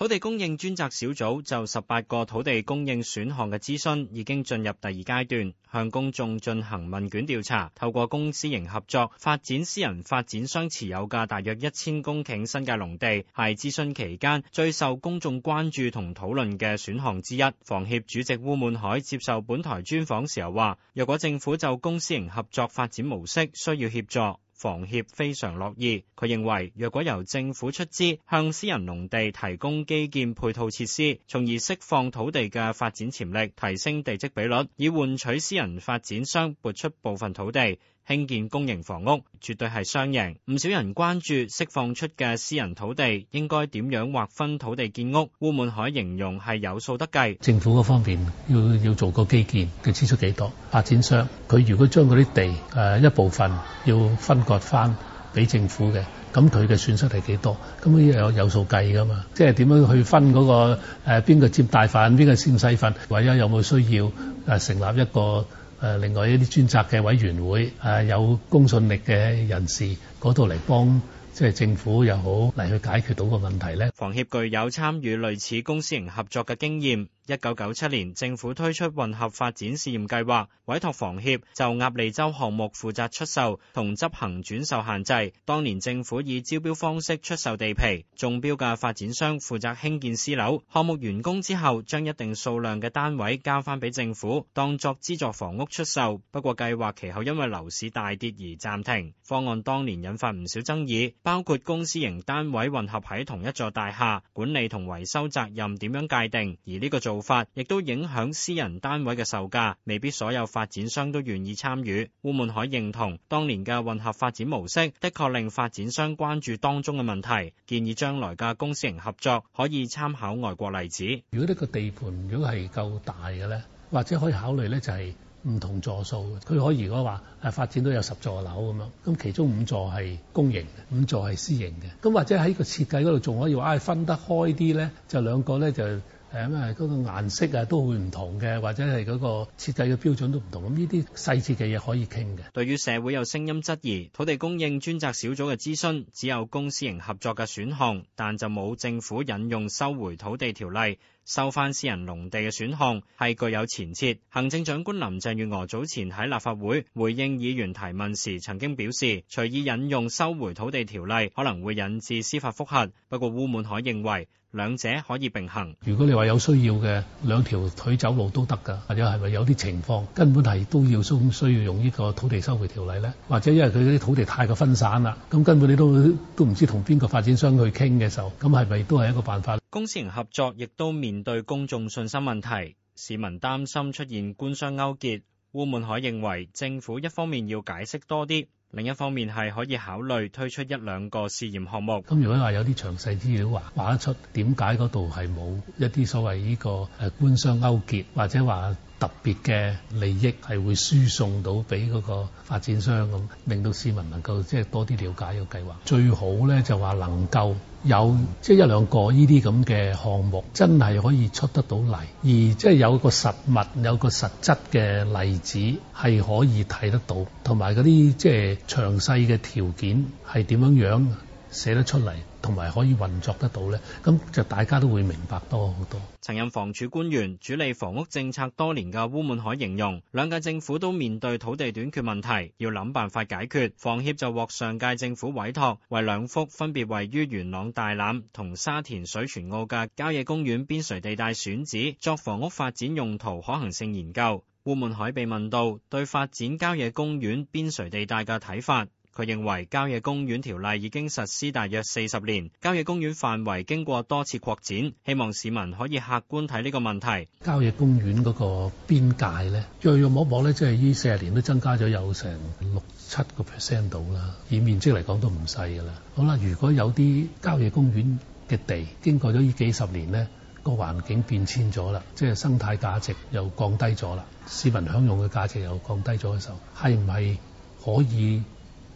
土地供應專責小組就十八個土地供應選項嘅諮詢已經進入第二階段，向公眾進行問卷調查。透過公私營合作發展，私人發展商持有嘅大約一千公頃新界農地，係諮詢期間最受公眾關注同討論嘅選項之一。房協主席鄔滿海接受本台專訪時候話，若果政府就公私營合作發展模式需要協助，房協非常樂意，佢認為若果由政府出資向私人農地提供基建配套設施，從而釋放土地嘅發展潛力，提升地積比率，以換取私人發展商撥出部分土地。興建公營房屋絕對係雙贏，唔少人關注釋放出嘅私人土地應該點樣劃分土地建屋。鄔滿海形容係有數得計，政府嗰方面要要做個基建，佢支出幾多？發展商佢如果將嗰啲地，誒一部分要分割翻俾政府嘅，咁佢嘅損失係幾多？咁呢有有數計噶嘛？即係點樣去分嗰個，誒邊個接大份，邊個先細份？或者有冇需要誒成立一個？誒，另外一啲專責嘅委員會，誒，有公信力嘅人士嗰度嚟幫，即係政府又好嚟去解決到個問題咧。房協具有參與類似公私營合作嘅經驗。一九九七年，政府推出混合發展試驗計劃，委託房協就鴨脷洲項目負責出售同執行轉售限制。當年政府以招標方式出售地皮，中標嘅發展商負責興建私樓，項目完工之後將一定數量嘅單位交翻俾政府，當作資助房屋出售。不過計劃其後因為樓市大跌而暫停。方案當年引發唔少爭議，包括公私營單位混合喺同一座大廈，管理同維修責任點樣界定，而呢個做。法亦都影響私人單位嘅售價，未必所有發展商都願意參與。鄔滿海認同，當年嘅混合發展模式的確令發展商關注當中嘅問題，建議將來嘅公私營合作可以參考外國例子。如果呢個地盤如果係夠大嘅咧，或者可以考慮咧就係唔同座數，佢可以如果話誒發展都有十座樓咁樣，咁其中五座係公營，五座係私營嘅。咁或者喺個設計嗰度仲可以話，唉，分得開啲咧，就兩個咧就。誒咁啊，嗰個顏色啊都會唔同嘅，或者係嗰個設計嘅標準都唔同。咁呢啲細節嘅嘢可以傾嘅。對於社會有聲音質疑，土地供應專責小組嘅諮詢，只有公私營合作嘅選項，但就冇政府引用收回土地條例。收翻私人農地嘅選項係具有前設。行政長官林鄭月娥早前喺立法會回應議員提問時，曾經表示，隨意引用收回土地條例可能會引致司法覆核。不過，鄔滿海認為兩者可以並行。如果你話有需要嘅，兩條腿走路都得㗎，或者係咪有啲情況根本係都要需需要用呢個土地收回條例呢？或者因為佢啲土地太過分散啦，咁根本你都都唔知同邊個發展商去傾嘅時候，咁係咪都係一個辦法？公私營合作亦都面對公眾信心問題，市民擔心出現官商勾結。鄔滿海認為，政府一方面要解釋多啲，另一方面係可以考慮推出一兩個試驗項目。咁如果話有啲詳細資料話，話得出點解嗰度係冇一啲所謂呢個誒官商勾結，或者話？特別嘅利益係會輸送到俾嗰個發展商咁，令到市民能夠即係多啲了解呢個計劃。最好呢，就話能夠有即係、就是、一兩個呢啲咁嘅項目真係可以出得到嚟，而即係有個實物、有個實質嘅例子係可以睇得到，同埋嗰啲即係詳細嘅條件係點樣樣寫得出嚟。同埋可以運作得到呢，咁就大家都會明白多好多。曾任房署官員、主理房屋政策多年嘅鄔滿海形容，兩屆政府都面對土地短缺問題，要諗辦法解決。房協就獲上屆政府委託，為兩幅分別位於元朗大欖同沙田水泉澳嘅郊野公園邊陲地帶選址，作房屋發展用途可行性研究。鄔滿海被問到對發展郊野公園邊陲地帶嘅睇法。佢認為郊野公園條例已經實施大約四十年，郊野公園範圍經過多次擴展，希望市民可以客觀睇呢個問題。郊野公園嗰個邊界咧，約約摸摸咧，即係依四十年都增加咗有成六七個 percent 到啦。以面積嚟講都唔細㗎啦。好啦，如果有啲郊野公園嘅地經過咗呢幾十年咧，個環境變遷咗啦，即係生態價值又降低咗啦，市民享用嘅價值又降低咗嘅時候，係唔係可以？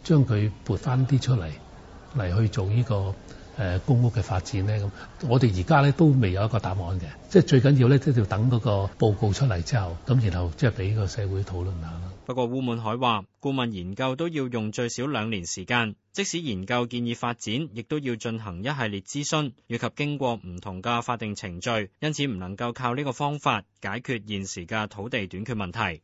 將佢撥翻啲出嚟嚟去做呢個誒公屋嘅發展呢？咁我哋而家咧，都未有一個答案嘅，即係最緊要咧，都要等嗰個報告出嚟之後，咁然後即係俾個社會討論下。不過鄔滿海話，顧問研究都要用最少兩年時間，即使研究建議發展，亦都要進行一系列諮詢，以及經過唔同嘅法定程序，因此唔能夠靠呢個方法解決現時嘅土地短缺問題。